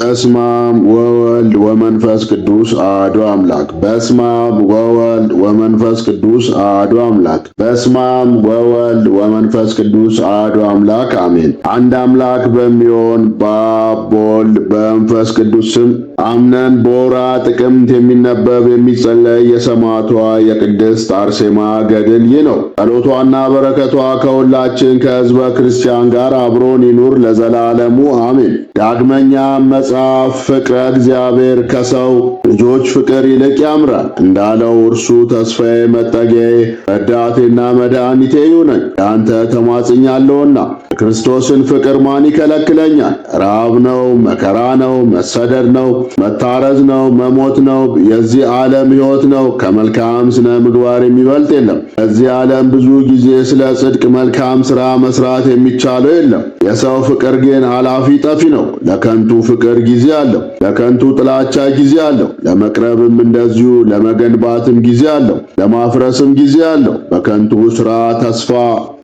በስማም ወወልድ ወመንፈስ ቅዱስ አሐዱ አምላክ። በስማም ወወልድ ወመንፈስ ቅዱስ አሐዱ አምላክ። በስማም ወወልድ ወመንፈስ ቅዱስ አዶ አምላክ በስማም ወወልድ ወመንፈስ ቅዱስ አዶ አምላክ በስማም ወወልድ ወመንፈስ ቅዱስ አዶ አምላክ አሜን አንድ አምላክ በሚሆን በአብ በወልድ በመንፈስ ቅዱስ ስም አምነን በወራ ጥቅምት የሚነበብ የሚጸለይ የሰማዕቷ የቅድስት አርሴማ ገድል ይህ ነው። ጸሎቷና በረከቷ ከሁላችን ከሕዝበ ክርስቲያን ጋር አብሮን ይኑር ለዘላለሙ አሜን። ዳግመኛ መጽሐፍ ፍቅረ እግዚአብሔር ከሰው ከልጆች ፍቅር ይልቅ ያምራል እንዳለው እርሱ ተስፋዬ፣ መጠጊያዬ፣ ረዳቴና መድኃኒቴ ይሁነኝ። ያንተ ተማጽኛለሁና የክርስቶስን ፍቅር ማን ይከለክለኛል? ራብ ነው፣ መከራ ነው፣ መሰደድ ነው፣ መታረዝ ነው፣ መሞት ነው፣ የዚህ ዓለም ሕይወት ነው። ከመልካም ስነ ምግባር የሚበልጥ የለም። በዚህ ዓለም ብዙ ጊዜ ስለ ጽድቅ መልካም ሥራ መስራት የሚቻለው የለም። የሰው ፍቅር ግን ኃላፊ ጠፊ ነው። ለከንቱ ፍቅር ጊዜ አለው፣ ለከንቱ ጥላቻ ጊዜ አለው። ለመቅረብም እንደዚሁ ለመገንባትም ጊዜ አለው፣ ለማፍረስም ጊዜ አለው። በከንቱ ሥራ ተስፋ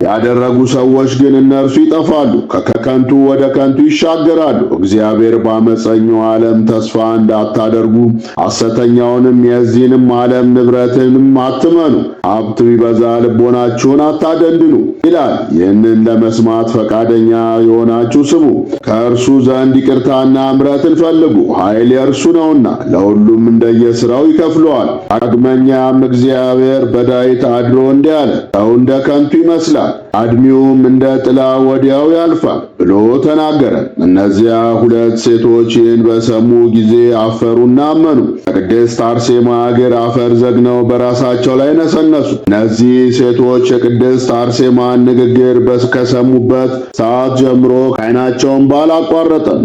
ያደረጉ ሰዎች ግን እነርሱ ይጠፋሉ፣ ከከንቱ ወደ ከንቱ ይሻገራሉ። እግዚአብሔር በአመፀኛው ዓለም ተስፋ እንዳታደርጉ ሐሰተኛውንም የዚህንም ዓለም ንብረትንም አትመኑ፣ ሀብት ቢበዛ ልቦናችሁን አታደንድኑ ይላል። ይህንን ለመስማት ፈቃደኛ የሆናችሁ ስሙ፣ ከእርሱ ዘንድ ይቅርታና እምረትን ፈልጉ፣ ኃይል የእርሱ ነውና ለሁሉም እንደየሥራው ይከፍለዋል። ዳግመኛም እግዚአብሔር በዳዊት አድሮ እንዲህ አለ፣ ሰው እንደ ከንቱ ይመስላል ያልፋል፣ አድሚውም እንደ ጥላ ወዲያው ያልፋል። ብሎ ተናገረ። እነዚያ ሁለት ሴቶች ይህን በሰሙ ጊዜ አፈሩና አመኑ። ከቅድስት አርሴማ እግር አፈር ዘግነው በራሳቸው ላይ ነሰነሱ። እነዚህ ሴቶች የቅድስት አርሴማን ንግግር ከሰሙበት ሰዓት ጀምሮ ከዓይናቸው እንባ አላቋረጠም።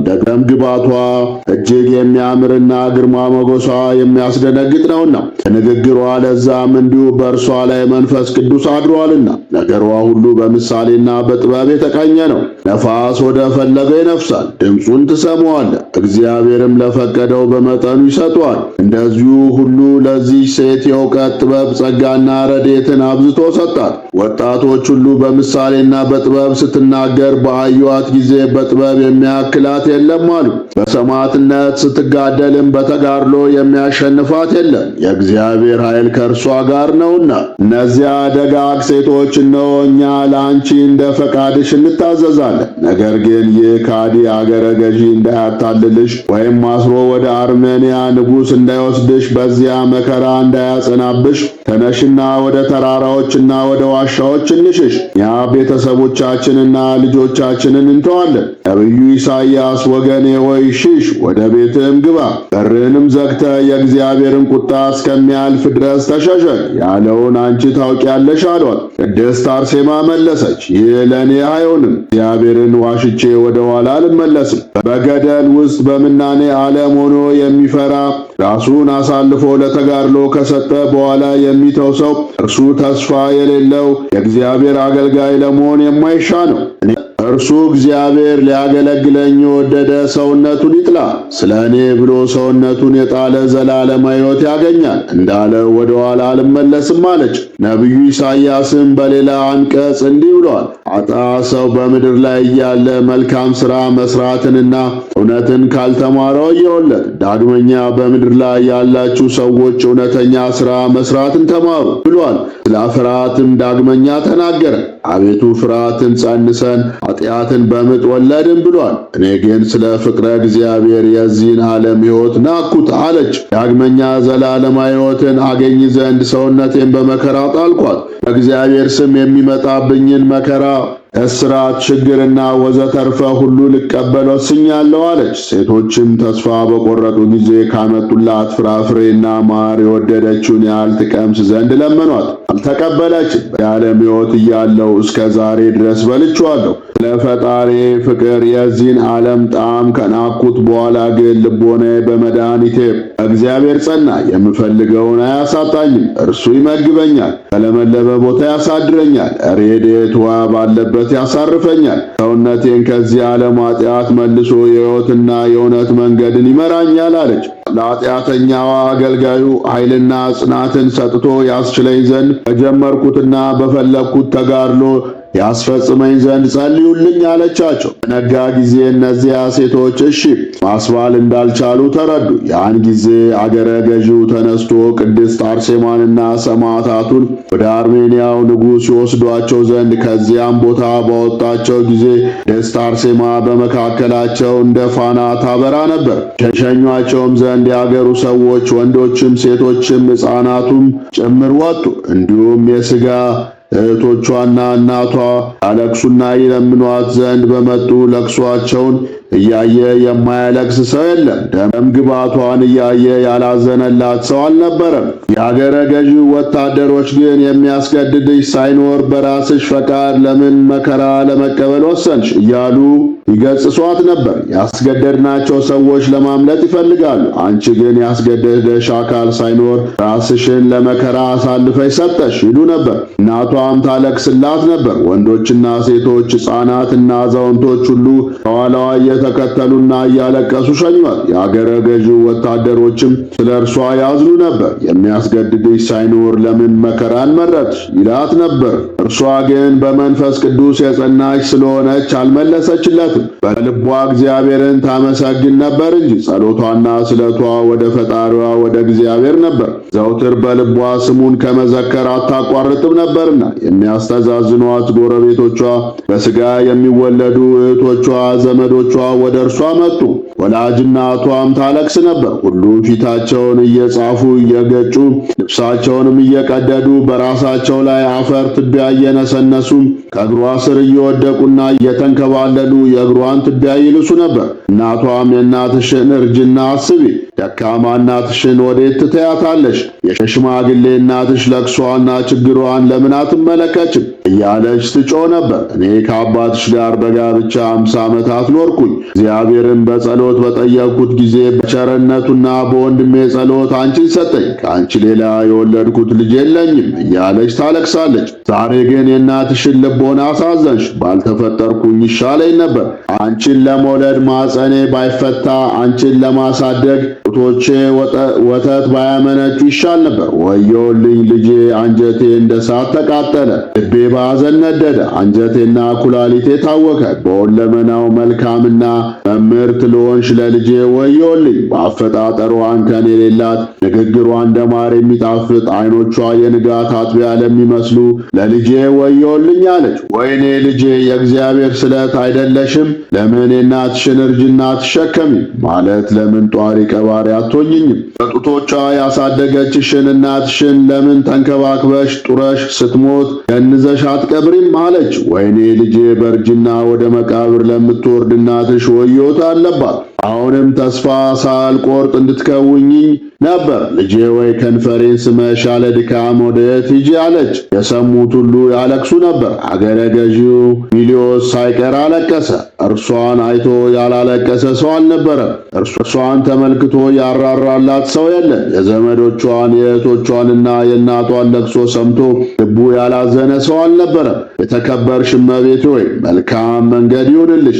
ግባቷ እጅግ የሚያምርና ግርማ መጎሷ የሚያስደነግጥ ነውና ንግግሯ ለዛም እንዲሁ በእርሷ ላይ መንፈስ ቅዱስ አድሯልና ነገሯ ሁሉ በምሳሌና በጥበብ የተቃኘ ነው። ነፋስ ራስ ወደ ፈለገ ይነፍሳል፣ ድምፁን ትሰማዋለ እግዚአብሔርም ለፈቀደው በመጠኑ ይሰጠዋል። እንደዚሁ ሁሉ ለዚህ ሴት የእውቀት ጥበብ፣ ጸጋና ረዴትን አብዝቶ ሰጣት። ወጣቶች ሁሉ በምሳሌና በጥበብ ስትናገር በአዩዋት ጊዜ በጥበብ የሚያክላት የለም አሉ። በሰማዕትነት ስትጋደልም በተጋድሎ የሚያሸንፋት የለም፣ የእግዚአብሔር ኃይል ከእርሷ ጋር ነውና። እነዚያ ደጋግ ሴቶች እነሆ እኛ ለአንቺ እንደ ፈቃድሽ እንታዘዛለን ነገር ግን ይህ ካዲ አገረ ገዢ እንዳያታልልሽ ወይም አስሮ ወደ አርሜንያ ንጉሥ እንዳይወስድሽ በዚያ መከራ እንዳያጸናብሽ ተነሽና ወደ ተራራዎችና ወደ ዋሻዎች እንሽሽ፣ እኛ ቤተሰቦቻችንና ልጆቻችንን እንተዋለን። ነቢዩ ኢሳይያስ ወገኔ ሆይ ሽሽ፣ ወደ ቤትህም ግባ፣ በርህንም ዘግተ የእግዚአብሔርን ቁጣ እስከሚያልፍ ድረስ ተሸሸግ ያለውን አንቺ ታውቂያለሽ አሏት። ቅድስት አርሴማ መለሰች፣ ይህ ለእኔ አይሆንም። እግዚአብሔርን ዋሽቼ ወደ ኋላ አልመለስም። በገደል ውስጥ በምናኔ ዓለም ሆኖ የሚፈራ ራሱን አሳልፎ ለተጋድሎ ከሰጠ በኋላ የሚተው ሰው እርሱ ተስፋ የሌለው የእግዚአብሔር አገልጋይ ለመሆን የማይሻ ነው። እርሱ እግዚአብሔር ሊያገለግለኝ የወደደ ሰውነቱን ይጥላ፣ ስለ እኔ ብሎ ሰውነቱን የጣለ ዘላለም ሕይወት ያገኛል እንዳለ ወደ ኋላ አልመለስም አለች። ነቢዩ ኢሳይያስም በሌላ አንቀጽ እንዲህ ብሏል። አጣ ሰው በምድር ላይ እያለ መልካም ሥራ መሥራትንና እውነትን ካልተማረው እየወለት። ዳግመኛ በምድር ላይ ያላችሁ ሰዎች እውነተኛ ሥራ መሥራትን ተማሩ ብሏል። ስለ ፍርሃትም ዳግመኛ ተናገረ። አቤቱ ፍርሃትን ጸንሰን ኃጢአትን በምጥ ወለድን ብሏል። እኔ ግን ስለ ፍቅረ እግዚአብሔር የዚህን ዓለም ሕይወት ናኩት አለች። ዳግመኛ ዘላለማ ሕይወትን አገኝ ዘንድ ሰውነቴን በመከራ ጣልኳት። በእግዚአብሔር ስም የሚመጣብኝን መከራ እስራት፣ ችግርና ወዘተርፈ ሁሉ ልቀበል ወስኛለሁ አለች። ሴቶችም ተስፋ በቆረጡ ጊዜ ካመጡላት ፍራፍሬና ማር የወደደችውን ያህል ትቀምስ ዘንድ ለመኗት፣ አልተቀበለችም። የዓለም ሕይወት እያለው እስከ ዛሬ ድረስ በልቼዋለሁ። ለፈጣሪ ፍቅር የዚህን ዓለም ጣዕም ከናኩት በኋላ ግን ልቦናዬ በመድኃኒቴ እግዚአብሔር ጸና። የምፈልገውን አያሳጣኝም፣ እርሱ ይመግበኛል፣ ከለመለበ ቦታ ያሳድረኛል፣ ሬዴት ውሃ ባለበት ሕይወት ያሳርፈኛል። ሰውነቴን ከዚህ ዓለም ኃጢአት መልሶ የሕይወትና የእውነት መንገድን ይመራኛል አለች። ለኃጢአተኛዋ አገልጋዩ ኃይልና ጽናትን ሰጥቶ ያስችለኝ ዘንድ በጀመርኩትና በፈለግኩት ተጋድሎ ያስፈጽመኝ ዘንድ ጸልዩልኝ አለቻቸው። በነጋ ጊዜ እነዚያ ሴቶች እሺ ማስባል እንዳልቻሉ ተረዱ። ያን ጊዜ አገረ ገዢው ተነስቶ ቅድስት አርሴማንና ሰማዕታቱን ወደ አርሜንያው ንጉሥ ይወስዷቸው ዘንድ ከዚያም ቦታ ባወጣቸው ጊዜ ቅድስት አርሴማ በመካከላቸው እንደ ፋና ታበራ ነበር። ሸሸኟቸውም ዘንድ የአገሩ ሰዎች ወንዶችም፣ ሴቶችም፣ ሕፃናቱም ጭምር ወጡ። እንዲሁም የሥጋ እህቶቿና እናቷ ያለቅሱና ይለምኗት ዘንድ በመጡ ለቅሷቸውን እያየ የማያለቅስ ሰው የለም። ደም ግባቷን እያየ ያላዘነላት ሰው አልነበረም። የአገረ ገዢው ወታደሮች ግን የሚያስገድድሽ ሳይኖር በራስሽ ፈቃድ ለምን መከራ ለመቀበል ወሰንሽ እያሉ ይገጽሷት ነበር። ያስገደድናቸው ሰዎች ለማምለጥ ይፈልጋሉ። አንቺ ግን ያስገደደሽ አካል ሳይኖር ራስሽን ለመከራ አሳልፈሽ ሰጠሽ ይሉ ነበር። እናቷም ታለቅስላት ነበር። ወንዶችና ሴቶች፣ ሕፃናትና አዛውንቶች ሁሉ ከኋላዋ እየተከተሉና እያለቀሱ ሸኟት። የአገረ ገዢው ወታደሮችም ስለ እርሷ ያዝኑ ነበር። የሚያስገድድሽ ሳይኖር ለምን መከራን መረጥሽ ይላት ነበር። እርሷ ግን በመንፈስ ቅዱስ የጸናች ስለሆነች አልመለሰችለትም። በልቧ እግዚአብሔርን ታመሰግን ነበር እንጂ ጸሎቷና ስለቷ ወደ ፈጣሪዋ ወደ እግዚአብሔር ነበር። ዘውትር በልቧ ስሙን ከመዘከር አታቋርጥም ነበርና የሚያስተዛዝኗት ጎረቤቶቿ፣ በስጋ የሚወለዱ እህቶቿ፣ ዘመዶቿ ወደ እርሷ መጡ። ወላጅ እናቷም ታለቅስ ነበር። ሁሉም ፊታቸውን እየጻፉ እየገጩ፣ ልብሳቸውንም እየቀደዱ በራሳቸው ላይ አፈር ትቢያ እየነሰነሱ ከእግሯ ስር እየወደቁና እየተንከባለሉ የእግሯን ትቢያ ይልሱ ነበር። እናቷም የእናትሽን እርጅና አስቢ ደካማ እናትሽን ወዴት ትተያታለሽ? የሽማግሌ እናትሽ ለቅሷና ችግሯን ለምን አትመለከችም? እያለች ትጮ ነበር። እኔ ከአባትሽ ጋር በጋብቻ አምሳ ዓመታት ኖርኩኝ። እግዚአብሔርን በጸሎት በጠየቅኩት ጊዜ በቸርነቱና በወንድሜ ጸሎት አንቺን ሰጠኝ። ከአንቺ ሌላ የወለድኩት ልጅ የለኝም እያለች ታለቅሳለች። ዛሬ ግን የእናትሽን ልቦና አሳዘንሽ። ባልተፈጠርኩኝ ይሻለኝ ነበር። አንቺን ለመውለድ ማጸኔ ባይፈታ አንቺን ለማሳደግ ጡቶቼ ወተት ባያመነጩ ይሻል ነበር። ወዮልኝ ልጄ፣ አንጀቴ እንደ እሳት ተቃጠለ፣ ልቤ ባዘን ነደደ፣ አንጀቴና ኩላሊቴ ታወከ። በሁለመናው መልካምና መምህርት ልሆንሽ ለልጄ ወዮልኝ። በአፈጣጠሯ እንከን የሌላት ንግግሯ እንደ ማር የሚጣፍጥ አይኖቿ የንጋት አጥቢያ ለሚመስሉ ለልጄ ወዮልኝ አለች። ወይኔ ልጄ፣ የእግዚአብሔር ስለት አይደለሽም? ለምን የእናትሽን እርጅና ትሸከሚ? ማለት ለምን ጧሪ ቀባ ነዋሪ አትሆኝም። በጡቶቿ ያሳደገችሽን እናትሽን ለምን ተንከባክበሽ ጡረሽ ስትሞት ገንዘሽ አትቀብሪም? አለች። ወይኔ ልጄ በእርጅና ወደ መቃብር ለምትወርድ እናትሽ ወዮታ አለባት። አሁንም ተስፋ ሳልቆርጥ እንድትከውኝ ነበር። ልጄ ወይ ከንፈሬን ስመሽ ያለ ድካም ወዴት ይጂ አለች። የሰሙት ሁሉ ያለቅሱ ነበር። አገረ ገዢው ሚሊዮስ ሳይቀር አለቀሰ። እርሷን አይቶ ያላለቀሰ ሰው አልነበረም። እርሷን ተመልክቶ ያራራላት ሰው የለም። የዘመዶቿን የእህቶቿንና የእናቷን ለቅሶ ሰምቶ ልቡ ያላዘነ ሰው አልነበረም። የተከበርሽ እመቤቴ ሆይ መልካም መንገድ ይሁንልሽ፣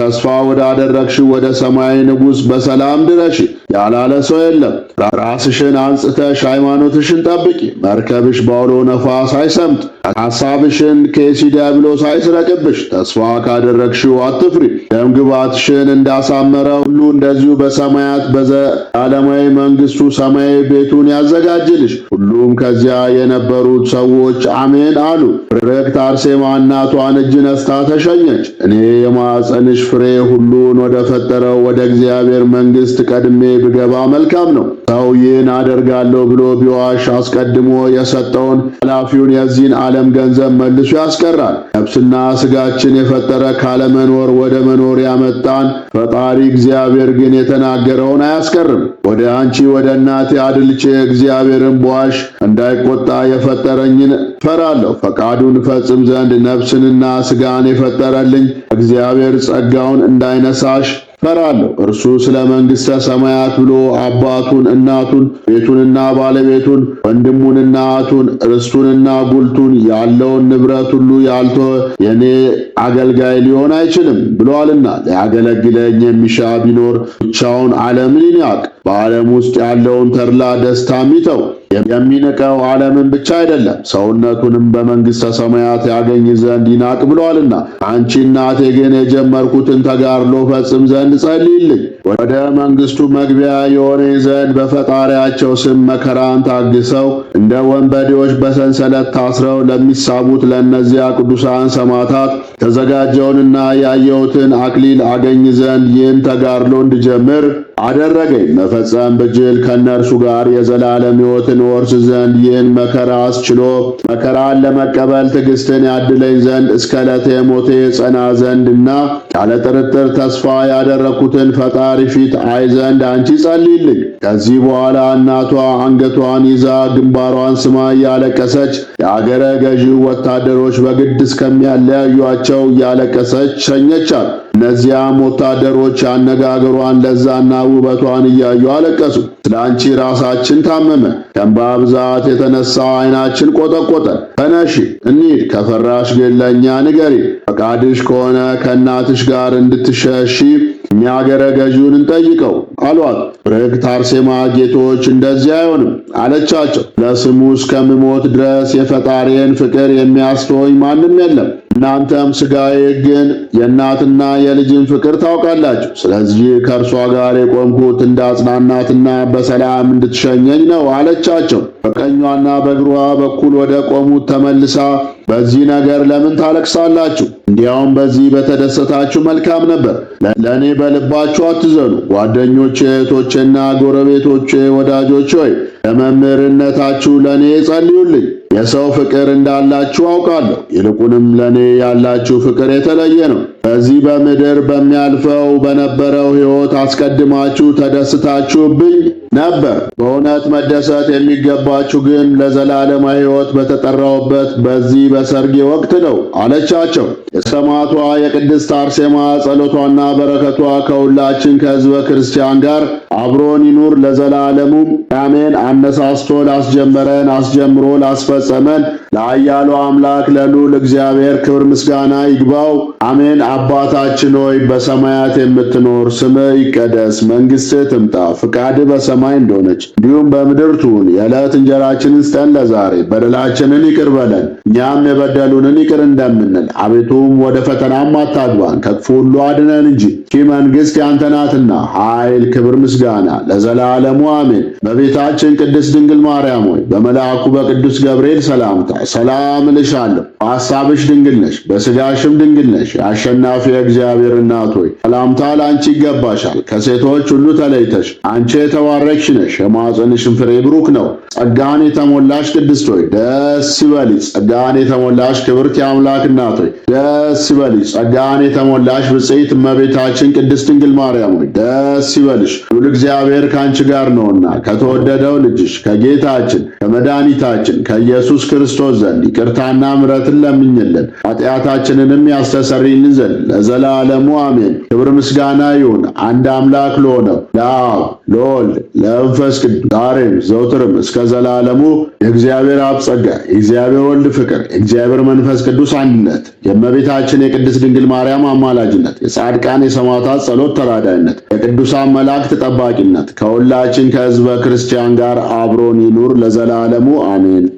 ተስፋ ወዳደረግሽ ወደ የሰማይ ንጉሥ በሰላም ድረሽ ያላለ ሰው የለም። ራስሽን አንጽተሽ ሃይማኖትሽን ጠብቂ። መርከብሽ በአውሎ ነፋስ አይሰምጥ፣ ሐሳብሽን ከሲ ዲያብሎስ አይስረቅብሽ። ተስፋ ካደረግሽው አትፍሪ። ደምግባትሽን እንዳሳመረ ሁሉ እንደዚሁ በሰማያት በዘላለማዊ መንግስቱ ሰማያዊ ቤቱን ያዘጋጅልሽ። ሁሉም ከዚያ የነበሩት ሰዎች አሜን አሉ። ብርክት አርሴማ እናቷን እጅ ነስታ ተሸኘች። እኔ የማኅፀንሽ ፍሬ ሁሉን ወደ ፈጠረው ወደ እግዚአብሔር መንግሥት ቀድሜ ብገባ መልካም ነው። ሰው ይህን አደርጋለሁ ብሎ ቢዋሽ አስቀድሞ የሰጠውን ኃላፊውን የዚህን ዓለም ገንዘብ መልሶ ያስቀራል። ነፍስና ሥጋችን የፈጠረ ካለመኖር ወደ መኖር ያመጣን ፈጣሪ እግዚአብሔር ግን የተናገረውን አያስቀርም። ወደ አንቺ ወደ እናቴ አድልቼ እግዚአብሔርን በዋሽ እንዳይቆጣ የፈጠረኝን ፈራለሁ። ፈቃዱን ፈጽም ዘንድ ነፍስንና ሥጋን የፈጠረልኝ እግዚአብሔር ጸጋውን እንዳይነሳሽ ፈራለሁ። እርሱ ስለ መንግሥተ ሰማያት ብሎ አባቱን እናቱን፣ ቤቱንና ባለቤቱን፣ ወንድሙንና እህቱን፣ ርስቱንና ጉልቱን ያለውን ንብረት ሁሉ ያልቶ የእኔ አገልጋይ ሊሆን አይችልም ብሏልና ሊያገለግለኝ የሚሻ ቢኖር ብቻውን ዓለምን ይናቅ፣ በዓለም ውስጥ ያለውን ተድላ ደስታም ይተው። የሚንቀው ዓለምን ብቻ አይደለም ሰውነቱንም በመንግሥተ ሰማያት ያገኝ ዘንድ ይናቅ ብሏልና አንቺ እናቴ ግን የጀመርኩትን ተጋድሎ ፈጽም ዘንድ മനസ്സിലായില്ലേ ወደ መንግስቱ መግቢያ የሆነ ዘንድ በፈጣሪያቸው ስም መከራን ታግሰው እንደ ወንበዴዎች በሰንሰለት ታስረው ለሚሳቡት ለእነዚያ ቅዱሳን ሰማዕታት ተዘጋጀውንና ያየሁትን አክሊል አገኝ ዘንድ ይህን ተጋድሎ እንድጀምር አደረገኝ። መፈጸም ብችል ከእነርሱ ጋር የዘላለም ሕይወትን ወርስ ዘንድ ይህን መከራ አስችሎ መከራን ለመቀበል ትዕግስትን ያድለኝ ዘንድ እስከ ዕለተ ሞቴ ጸና ዘንድና ያለ ጥርጥር ተስፋ ያደረግኩትን ፈጣ በፈጣሪ ፊት አይ ዘንድ አንቺ ጸልይልኝ። ከዚህ በኋላ እናቷ አንገቷን ይዛ ግንባሯን ስማ እያለቀሰች የአገረ ገዢው ወታደሮች በግድ እስከሚያለያዩቸው እያለቀሰች ሸኘቻት። እነዚያም ወታደሮች አነጋገሯን ለዛና ውበቷን እያዩ አለቀሱ። ስለ አንቺ ራሳችን ታመመ፣ ከእንባ ብዛት የተነሳ አይናችን ቆጠቆጠ። ተነሺ እንሂድ፣ ከፈራሽ ግን ለእኛ ንገሪ፣ ፈቃድሽ ከሆነ ከእናትሽ ጋር እንድትሸሺ እኛ ገዢውን እንጠይቀው አሏት። ርግት አርሴማ ጌቶች፣ እንደዚህ አይሆንም አለቻቸው። ለስሙ እስከምሞት ድረስ የፈጣሪን ፍቅር የሚያስተወኝ ማንም የለም። እናንተም ስጋዬ ግን የእናትና የልጅን ፍቅር ታውቃላችሁ። ስለዚህ ከእርሷ ጋር የቆምኩት እንዳጽናናትና በሰላም እንድትሸኘኝ ነው አለቻቸው። በቀኟና በግሯ በኩል ወደ ቆሙት ተመልሳ በዚህ ነገር ለምን ታለቅሳላችሁ? እንዲያውም በዚህ በተደሰታችሁ መልካም ነበር። ለእኔ በልባችሁ አትዘኑ፣ ጓደኞች ወንድሞቼ፣ እህቶቼና ጎረቤቶቼ፣ ወዳጆች ሆይ ለመምህርነታችሁ ለእኔ ጸልዩልኝ። የሰው ፍቅር እንዳላችሁ አውቃለሁ። ይልቁንም ለእኔ ያላችሁ ፍቅር የተለየ ነው። በዚህ በምድር በሚያልፈው በነበረው ሕይወት አስቀድማችሁ ተደስታችሁብኝ ነበር። በእውነት መደሰት የሚገባችሁ ግን ለዘላለማ ሕይወት በተጠራውበት በዚህ በሰርጌ ወቅት ነው አለቻቸው። የሰማዕቷ የቅድስት አርሴማ ጸሎቷና በረከቷ ከሁላችን ከሕዝበ ክርስቲያን ጋር አብሮን ይኑር ለዘላለሙ አሜን። አነሳስቶ ላስጀመረን አስጀምሮ ላስፈጸመን ለአያሉ አምላክ ለሉል እግዚአብሔር ክብር ምስጋና ይግባው አሜን። አባታችን ሆይ በሰማያት የምትኖር ስም ይቀደስ፣ መንግስት ትምጣ፣ ፍቃድ በሰማይ እንደሆነች እንዲሁም በምድር ትሁን። የዕለት እንጀራችንን ስጠን ለዛሬ፣ በደላችንን ይቅር በለን እኛም የበደሉንን ይቅር እንደምንል፣ አቤቱም ወደ ፈተናም አታግባን ከክፉ ሁሉ አድነን እንጂ ይህ መንግሥት ያንተ ናትና ኃይል፣ ክብር፣ ምስጋና ለዘላለሙ አሜን። በቤታችን ቅድስት ድንግል ማርያም ሆይ በመልአኩ በቅዱስ ገብርኤል ሰላምታ ሰላም እልሻለሁ። በሐሳብሽ ድንግል ነሽ፣ በሥጋሽም ድንግል ነሽ። አሸናፊ የእግዚአብሔር እናት ሆይ ሰላምታ ለአንቺ ይገባሻል። ከሴቶች ሁሉ ተለይተሽ አንቺ የተባረክሽ ነሽ፣ የማኅፀንሽን ፍሬ ብሩክ ነው። ጸጋን የተሞላሽ ቅድስት ሆይ ደስ ይበልሽ። ጸጋን የተሞላሽ ክብርት የአምላክ እናት ሆይ ደስ ይበልሽ። ጸጋን የተሞላሽ ብጽዕት እመቤታችን ቅድስት ድንግል ማርያም ሆይ ደስ ይበልሽ። ሁሉ እግዚአብሔር ከአንቺ ጋር ነውና ከተወደደው ልጅሽ ከጌታችን ከመድኃኒታችን ከኢየሱስ ክርስቶስ ዘንድ ይቅርታና ምሕረትን ለምኝልን ኃጢአታችንንም ያስተሰርይልን ዘንድ ይሁንልን ለዘላለሙ አሜን። ክብር ምስጋና ይሁን አንድ አምላክ ለሆነው ለአብ ለወልድ ለመንፈስ ቅዱስ ዛሬም ዘውትርም እስከ ዘላለሙ የእግዚአብሔር አብ ጸጋ የእግዚአብሔር ወልድ ፍቅር የእግዚአብሔር መንፈስ ቅዱስ አንድነት የእመቤታችን የቅድስት ድንግል ማርያም አማላጅነት የጻድቃን የሰማዕታት ጸሎት ተራዳይነት የቅዱሳን መላእክት ጠባቂነት ከሁላችን ከህዝበ ክርስቲያን ጋር አብሮን ይኑር ለዘላለሙ አሜን።